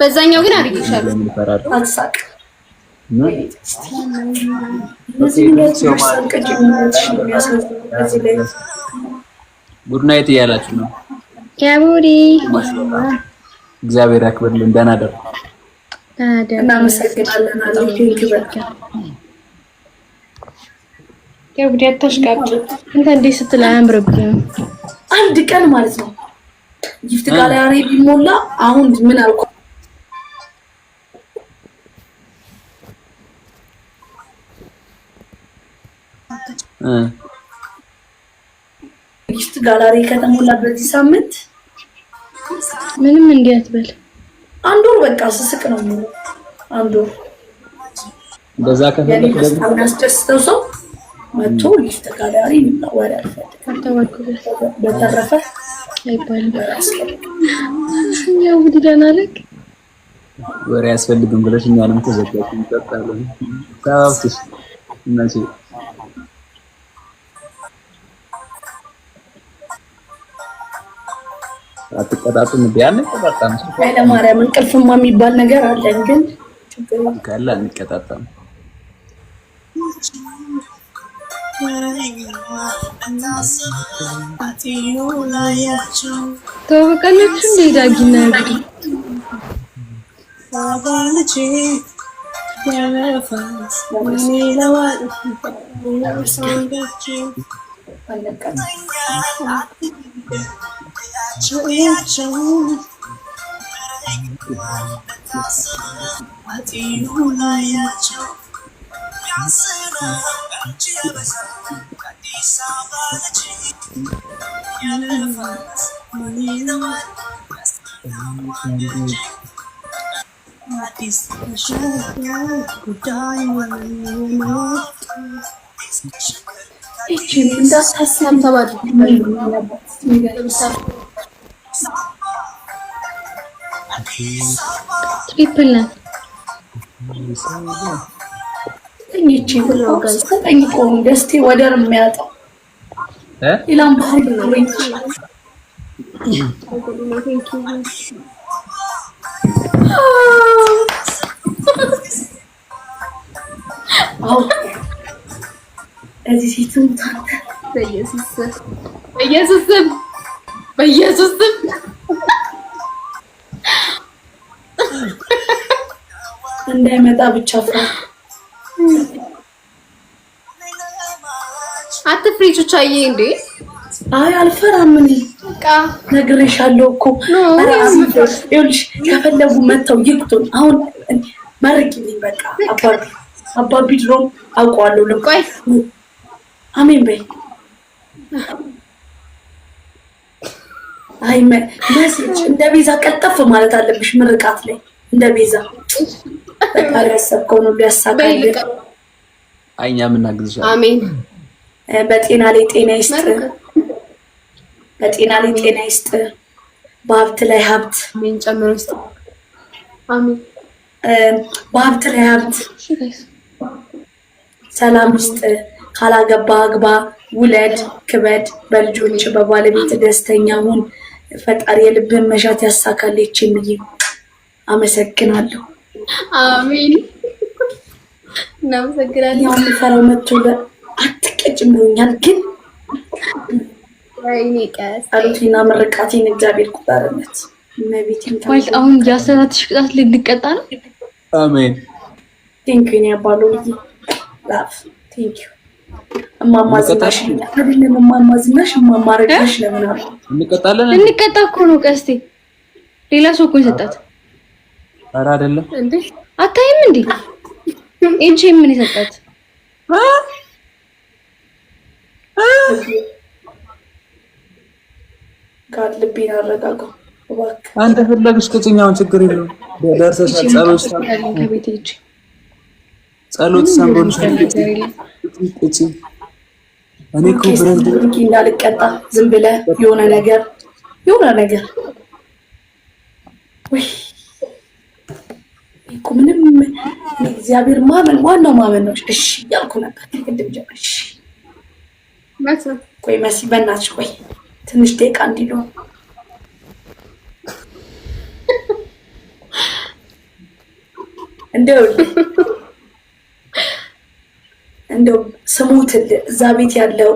በዛኛው ግን አድርጌሻለሁ። አልሳቅ ጉድ እያላችሁ ነው። ያቡሪ እግዚአብሔር ያክብርልን። ደህና ደር እናመሰግናለን። ያው እንግዲህ አታሽቃብጥ። ስትል አንድ ቀን ማለት ነው ይፍት ቢሞላ አሁን ምን አልኩ ጊፍት ጋላሪ ከተሞላ በዚህ ሳምንት ምንም እንዲህ አትበል። አንድ ወር በቃ ስስቅ ነው ሙሉ አንድ ወር በዛ ከፈለክ ደግሞ የሚያስደስተው ሰው መቶ ጊፍት ጋላሪ ወደ በተረፈ አይባልም። ያው ደህና ነህ ወሬ አያስፈልግም ብለሽ እኛንም ተዘጋጅ እንጠጣለን ታውስ አትቀጣጡም እንዴ? አንቀጣጣም። ኃይለማርያም እንቅልፍማ የሚባል ነገር አለን፣ ግን ካለ አንቀጣጣም። ተወቀለች እንዴ ዳጊና ያቢ አዲስ ጉዳይ እንዳታሳም ተባለ ትሪፕል ናት። ተኝቼ ብሎ ተጠኝቆ ደስቴ ወደር የሚያጣው ሌላም ባህል ነው። እዚህ ሴት ታዲያ ስም በኢየሱስ እንዳይመጣ ብቻ ፍራ። አትፍሪ ቹቻዬ። እንዴ አይ አልፈራም። እኔ በቃ ነግሬሻለሁ እኮ ይኸውልሽ፣ ከፈለጉ መተው ይቅጡን። አሁን መርቂልኝ በቃ አባቢ አባቢ ድሮም አውቀዋለሁ። ልቆይ አሜን በይ አይ እንደ ቤዛ ቀልጠፍ ማለት አለብሽ። ምርቃት ላይ እንደ ቤዛ ፈጣሪ ያሰብከው ነው ሊያሳካል። አይ እኛ አሜን። በጤና ላይ ጤና ይስጥ፣ በጤና ላይ ጤና ይስጥ፣ በሀብት ላይ ሀብት። ጨምሮ ይስጥ። አሜን። በሀብት ላይ ሀብት፣ ሰላም ውስጥ ካላገባ አግባ፣ ውለድ፣ ክበድ፣ በልጆች በባለቤት ደስተኛ ሁን። ፈጣሪ የልብህን መሻት ያሳካለች ብዬ አመሰግናለሁ። አሜን። እናመሰግናለሁ። ፈራው መቶ አትቀጭምኛል ግን ጸሎቴና ምርቃቴን እግዚአብሔር ቁጠርነት ማለት አሁን የአሰራትሽ ቅጣት ልንቀጣ ነው። አሜን ቴንኪ ነው ያባለው ላፍ ቴንኪ እማማ ዝናሽ ለምን እንቀጣለን። እንቀጣ እኮ ነው ቀስቴ። ሌላ ሰው እኮ የሰጣት። ኧረ አይደለም እንዴ አታይም እንዴ? እንቺ ምን የሰጣት? ጋር አንተ ፈለግሽ ቅጭኛውን ችግር የለውም። ደርሰሻል። ጸሎት ከቤት ሂጅ ጸሎት ሰምሮን እኔ እንዳልቀጣ ዝም ብለህ የሆነ ነገር የሆነ ነገር እኮ ምንም እግዚአብሔር ማመን ዋናው ማመን ነው። እሺ እያልኩ ነበር ቅድም ጀምር። እሺ ቆይ መሲ በእናትሽ ቆይ ትንሽ ደቂቃ እንዲሉ እንደው እንደው ስሙት እዛ ቤት ያለው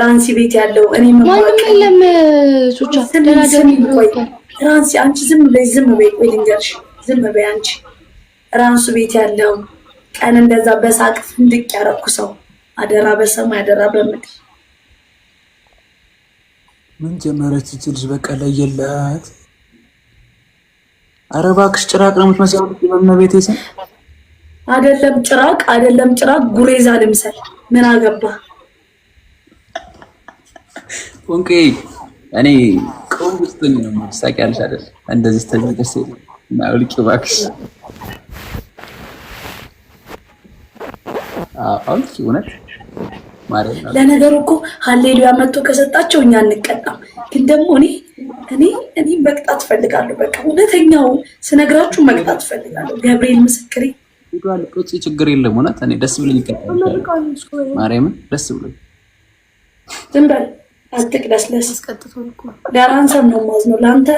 ራንሲ ቤት ያለው እኔ ማንም የለም። ራንሲ አንቺ ዝም በይ፣ ዝም በይ፣ ቆይ ልንገርሽ፣ ዝም በይ አንቺ። ራንሱ ቤት ያለው ቀን እንደዛ በሳቅ ፍንድቅ ያረኩ ሰው አደራ በሰማይ አደራ በምድር ምን ጀመረች እቺ ልጅ? በቃ ላይ የላት። አረባክሽ ጭራቅ ነው የምትመስለው። በእመቤቴ ስም አይደለም ጭራቅ አይደለም ጭራቅ ጉሬዛ ልምሰል ምን አገባ ቁንቄ እኔ ቆም ውስጥ ነው ሳቂ ያለሽ አይደል እንደዚህ ተዘቀስ እና ውልቂ እባክሽ አውልቂ እውነት ለነገሩ እኮ ሀሌሉያ መጥቶ ከሰጣቸው እኛ እንቀጣም። ግን ደግሞ እኔ እኔ እኔ መቅጣት ፈልጋለሁ። በቃ እውነተኛው ስነግራችሁ መቅጣት ፈልጋለሁ። ገብርኤል ምስክሬ ሄዷል። ቁጭ ችግር የለም። እውነት እኔ ደስ ብሎኝ ይቀጥላል። ማርያምን ደስ ብሎኝ ዝም በል አትቅለስለስ። ለራንሰብ ነው የማዝነው። ለአንተ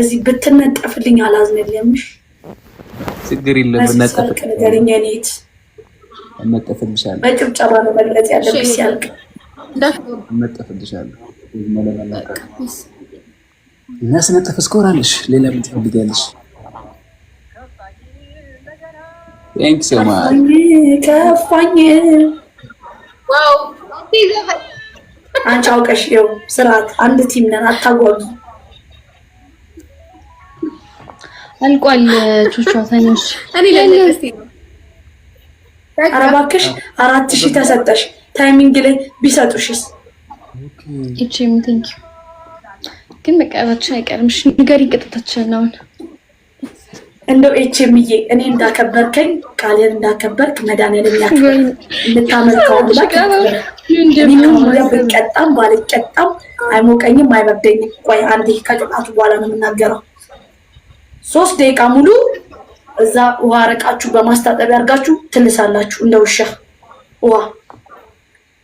እዚህ ብትነጠፍልኝ አላዝንልም። ችግር የለም። ነጠፍቅ ነገርኛ ኔት እነጠፍልሻለሁ። በጭብጨባ ነው መግለጽ ያለብሽ። ሲያልቅ እነጠፍልሻለሁ። እናስነጠፍ እስከሆናለሽ ሌላ ምን ትፈልጊያለሽ? ቴንክስ ዩ ማን ከፋኝ። ዋው አንቺ አውቀሽ ይኸው ስርዓት አንድ ቲም ነን፣ አታጓጉ። አልቋል። ቹቹ ተነሽ። እኔ ለነገስቲ እባክሽ አራት ሺህ ተሰጠሽ። ታይሚንግ ላይ ቢሰጡሽስ? እቺም ቴንክ ዩ ግን መቀበታችን አይቀርምሽ። ንገሪ ቅጥታችን አሁን እንደው ኤች ኤምዬ እኔ እንዳከበርከኝ ቃልን እንዳከበርክ መድኃኒዓለም ያክበር የምታመልከው አምላክ ብቀጣም ባልቀጣም አይሞቀኝም አይበርደኝም። ቆይ አንዴ ከቅጣቱ በኋላ ነው የምናገረው። ሶስት ደቂቃ ሙሉ እዛ ውሃ ረቃችሁ በማስታጠቢያ ያርጋችሁ ትልሳላችሁ እንደ ውሻ ውሃ።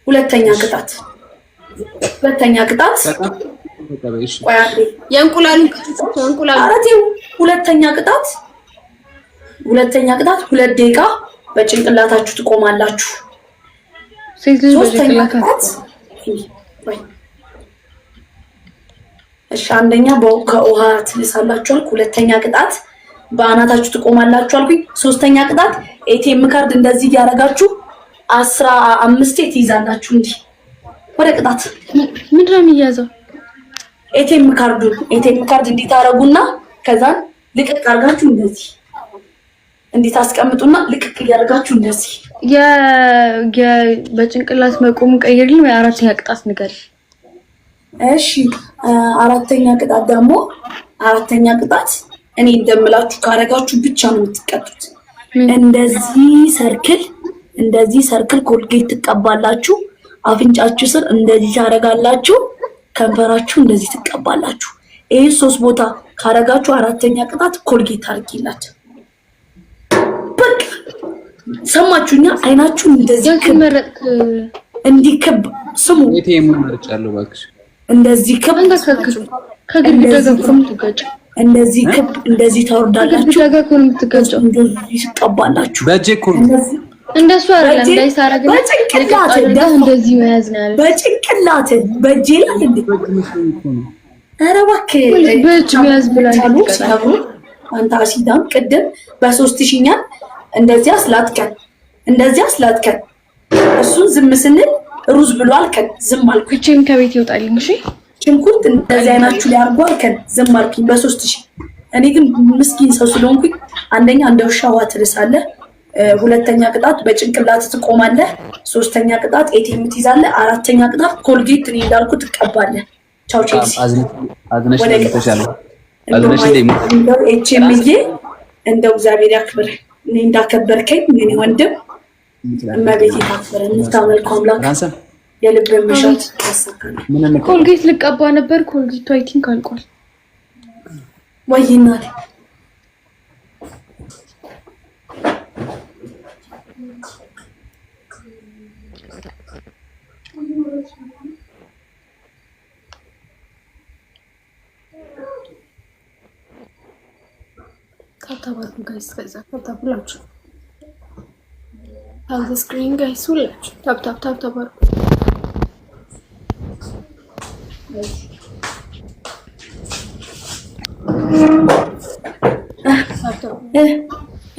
ሁለተኛ ቅጣት ሁለተኛ ቅጣት የእንቁላሉ ሁለተኛ ቅጣት ሁለተኛ ቅጣት ሁለት ደቂቃ በጭንቅላታችሁ ትቆማላችሁ። ሶስተኛ ቅጣት እሺ፣ አንደኛ ከውሃ ትልሳላችሁ አልኩ። ሁለተኛ ቅጣት በአናታችሁ ትቆማላችሁ አልኩኝ። ሶስተኛ ቅጣት ኤቲኤም ካርድ እንደዚህ እያደረጋችሁ አስራ አምስቴ ትይዛላችሁ። እንዲህ ወደ ቅጣት ምንድን ነው የሚያዘው? ኤቲኤም ካርዱን ኤቲኤም ካርድ እንዲታረጉና ከዛን ልቅቅ አድርጋችሁ እንደዚህ እንዴት አስቀምጡና ልቅቅ እያደርጋችሁ እንደዚህ በጭንቅላት መቆሙ ቀይርልኝ። ወይ አራተኛ ቅጣት ንገሪ። እሺ አራተኛ ቅጣት ደግሞ አራተኛ ቅጣት እኔ እንደምላችሁ ካረጋችሁ ብቻ ነው የምትቀጡት። እንደዚህ ሰርክል እንደዚህ ሰርክል ኮልጌት ትቀባላችሁ። አፍንጫችሁ ስር እንደዚህ ታረጋላችሁ። ከንፈራችሁ እንደዚህ ትቀባላችሁ። ይህ ሶስት ቦታ ካረጋችሁ አራተኛ ቅጣት ኮልጌት አድርጊላት። ሰማችሁኛ? አይናችሁ እንደዚህ እንዲከብ ስሙ። እንደዚህ ክብ እንደዚህ ክብ እንደዚህ ታወርዳላችሁ፣ እንደዚህ ትቀባላችሁ። እንደሱ አይደለም። እንዳይሳረግ በጭንቅላት እንደዚህ መያዝ ነው በጭንቅላት በእጄ ላይ ኧረ እባክህ በእጅ መያዝ ብላለች። አንተ አሲዳም ቅድም በሶስት ሺኛል እንደዚያ ስላትከን እንደዚያ ስላትከን እሱ ዝም ስንል ሩዝ ብሎ አልከን ዝም አልኩ። እቺም ከቤት ይወጣልኝ። እሺ ሽንኩርት እንደዚህ አይናችሁ ላይ አርጎ አልከን ዝም አልኩኝ በሶስት ሺህ እኔ ግን ምስኪን ሰው ስለሆንኩኝ አንደኛ እንደ ውሻ ውሃ ትልሳለህ፣ ሁለተኛ ቅጣት በጭንቅላት ትቆማለህ፣ ሶስተኛ ቅጣት ኤቲኤም ትይዛለህ፣ አራተኛ ቅጣት ኮልጌት እኔ እንዳልኩ ትቀባለህ። ቻው ቼልሲ አዝነሽ እንደው ኤቲኤምዬ እንደው እግዚአብሔር ያክብርህ። እኔ እንዳከበርከኝ እኔ ወንድም እመቤት የታፈረ የምታመልኩ አምላክ የልብ ምሻት ኮልጌት ልቀባ ነበር። ኮልጌቱ አይ አልቋል። ወይ እናቴ ታብታብ ጋይስ፣ ከዛ ታብታብ ሁላችሁ አን ዘ ስክሪን ጋይስ፣ ሁላችሁ ታብታብ ታብታብ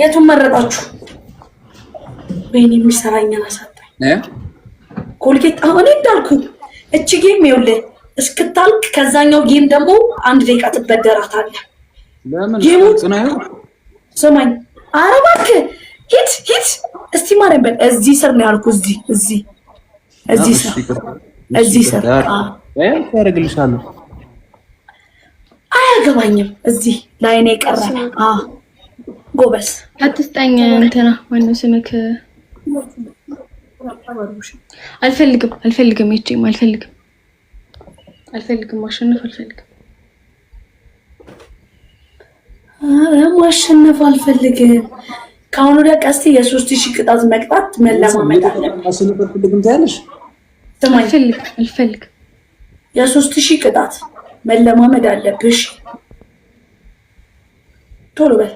የቱን መረጣችሁ? ወይኔ የሚሰራኝን አሳጣኝ። ኮልጌት አሁን እንዳልኩ እቺ ጌም ይኸውልህ እስክታልቅ፣ ከዛኛው ጌም ደግሞ አንድ ደቂቃ ትበደራታለህ። ስማኝ፣ ኧረ እባክህ ሂድ ሂድ። እስቲ ማርያም በል እዚህ ስር ነው ያልኩህ። እዚህ እዚህ እዚህ ስር እዚህ ስር ያደርግልሻለሁ። አያገባኝም። እዚህ ጎበዝ። አትስጠኝ። እንትና ማነው ስምክ? አልፈልግም፣ አልፈልግም፣ ይቼም አልፈልግም፣ አልፈልግም። ማሸነፍ አልፈልግም ማሸነፍ አልፈልግም። ከአሁኑ ወዲያ ቀስቴ የሶስት ሺህ ቅጣት መቅጣት መለማመድ የሶስት ሺህ ቅጣት መለማመድ አለብሽ። ቶሎ በል።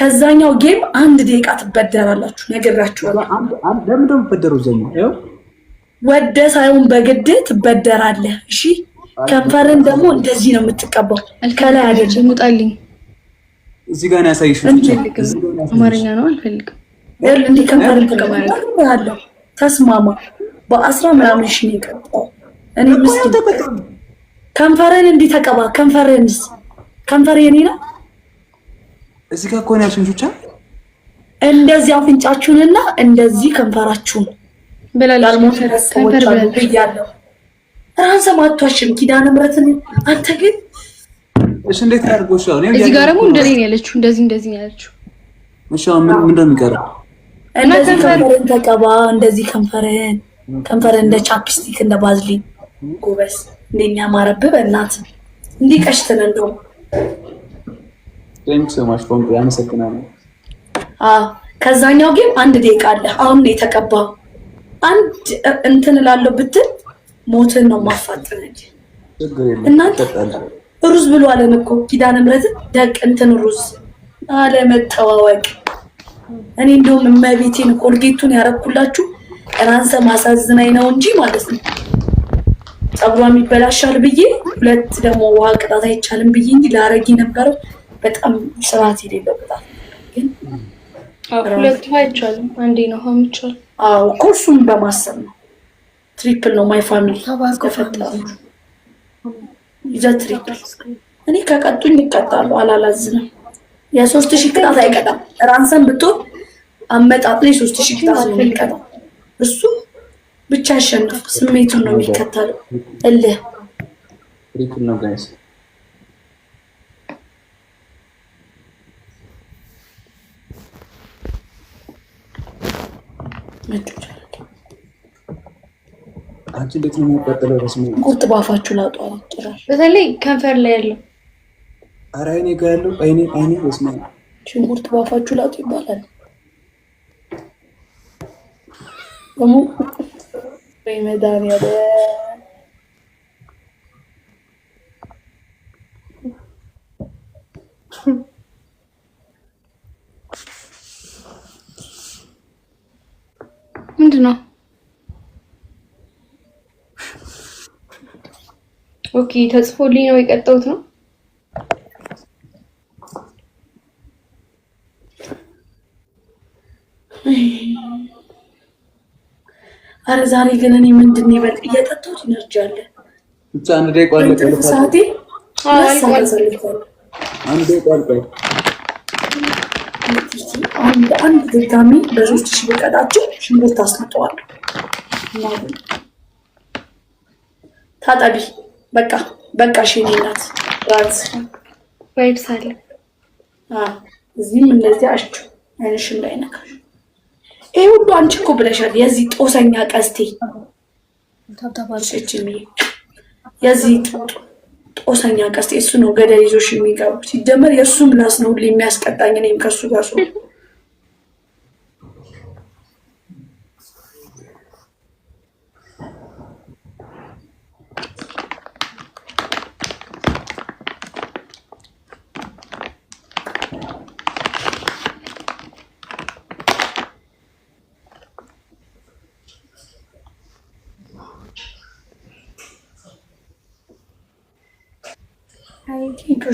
ከዛኛው ጌም አንድ ደቂቃ ትበደራላችሁ። ነግራችሁ ወደ ሳይሆን በግድ ትበደራለህ። እሺ ከንፈርን ደግሞ እንደዚህ ነው የምትቀባው፣ ከላይ አይደለም። ውጣልኝ። እዚህ ጋር ነው ያሳይሽ። አማርኛ ነው አልፈልግም። እንዲህ ከንፈርን ተቀባለሁ። ተስማማ። በአስራ ምናምን ሺ ነው የቀባው። እኔ ምስ ከንፈርን እንዲህ ተቀባ። ከንፈርንስ ከንፈር የኔ ነው። እዚህ ጋር ከሆነ ያሽን ብቻ እንደዚህ አፍንጫችሁንና እንደዚህ ከንፈራችሁን ብላል። አልሞተ ከንፈር ብያለሁ ራንሰም አቷሽም ኪዳነ ምሕረትን አንተ ግን እሺ፣ እንዴት ያርጎ ሻው ነው እዚህ ጋር ደግሞ እንደኔ ነው ያለችው፣ እንደዚህ እንደዚህ ነው ያለችው። እሺ፣ አሁን ምን ምን እንደሚቀረው እንደዚህ ከንፈርን ተቀባ፣ እንደዚህ ከንፈርን ከንፈርን እንደ ቻፕስቲክ እንደ ባዝሊን ጎበስ፣ እንደኛ ማረብ በእናት እንዲህ ቀሽተን እንደው ቴንክስ ማሽ ፎን ያመሰግናለሁ። አ ከዛኛው ግን አንድ ደቂቃ አለ። አሁን ነው የተቀባው። አንድ እንትን እላለሁ ብትል ሞትን ነው ማፋጠነች። እናንተ ሩዝ ብሎ አለን እኮ ኪዳነ ምሕረትን ደቅ እንትን ሩዝ አለመጠዋወቅ። እኔ እንደውም እመቤቴን ኮልጌቱን ያረኩላችሁ ራንሰ ማሳዝናኝ ነው እንጂ ማለት ነው ጸጉሯም ይበላሻል ብዬ ሁለት ደግሞ ውሃ ቅጣት አይቻልም ብዬ እንጂ ላረጊ ነበረው። በጣም ስርዓት የሌለው ቅጣት ግን ሁለቱ አይቻልም አንዴ ነው ሆምቻል። አዎ እኮ እሱም በማሰብ ነው ትሪፕል ነው ማይ ፋሚሊ ተፈጠሩ ይዘ ትሪፕል እኔ ከቀጡኝ ይቀጣሉ። አላላዝንም። የሶስት ሺህ ቅጣት አይቀጣም። ራንሰን ብትሆን አመጣጥ ሶስት ሺህ ቅጣት ነው የሚቀጣው። እሱ ብቻ ያሸንፍ። ስሜቱን ነው የሚከተሉ እልህ ነው አንቺ እንዴት ነው የሚያቃጥለው? በስመ አብ ቁርጥ ባፋችሁ ላውጣ ጭራሽ። በተለይ ከንፈር ላይ ያለው ኧረ አይኔ ጋር ያለው አይኔ አይኔ በስመ አብ ሽንኩርት ባፋችሁ ላጡ ይባላል። ደግሞ መድኃኒዓለም ምንድን ነው? ኦኬ ተጽፎልኝ ነው የቀጠውት ነው። አረ ዛሬ ግን እኔ ምንድን ነው ይበል እየጠጣሁት ኢነርጂ አለ ብቻ አንድ ደቂቃ አንድ አንድ ድጋሚ በሶስት ሺህ ብቀጣችሁ ሽንኩርት ታጠቢ በቃ በቃ ሽኔ ናት ራዝ ቫይብስ አለ። እዚህም እንደዚህ አሽቹ አይንሽ እንዳይነካሽ። ይሄ ሁሉ አንቺ እኮ ብለሻል። የዚህ ጦሰኛ ቀስቴ ሽችሚ የዚህ ጦሰኛ ቀስቴ እሱ ነው ገደል ይዞሽ የሚገባው። ሲጀመር የእሱም ምላስ ነው ሁሌ የሚያስቀጣኝ እኔም ከሱ ጋር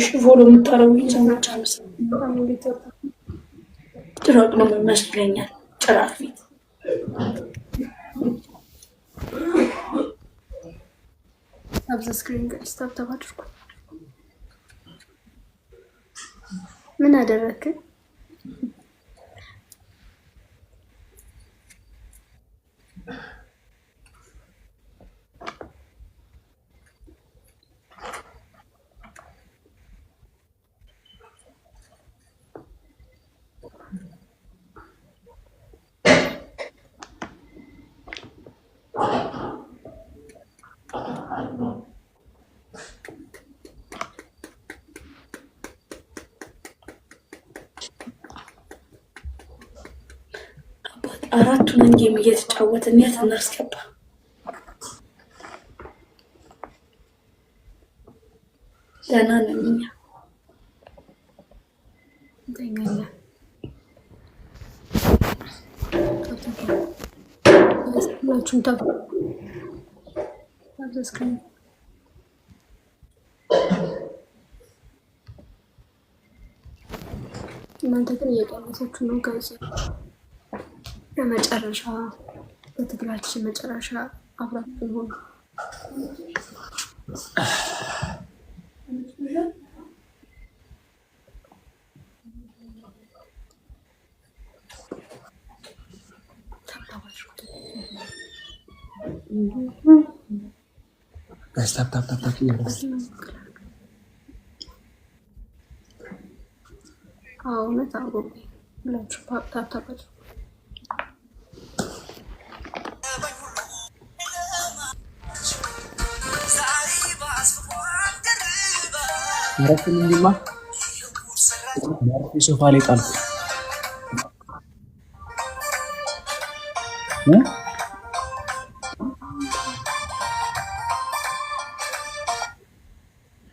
ሺ ፎሎ የምታረጉኝ ሰዎች ጭራቅ ነው ይመስለኛል። ጭራቅ ፊት አብዛ ስክሪን ጋር ስታብታብ አድርጉ። ምን አደረግክ? አራቱን ጌም እየተጫወትን የት እናስገባ? ደህና ነን እኛ እንተኛለን። ሁላችሁም ታ እናንተ ግን እየቀነሳችሁ ነው ጋዜ በመጨረሻ በትግላችን መጨረሻ አብራችሁ ሆኑ። እውነት አጎ ብላችሁ ታታባችሁ Merak lima. Murphy sofalet alp. Hah?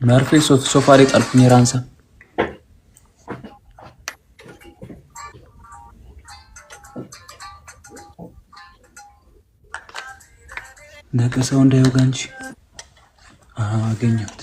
Murphy sofalet alp niransa. Nah kesana ada uang sih. Ah, kayaknya.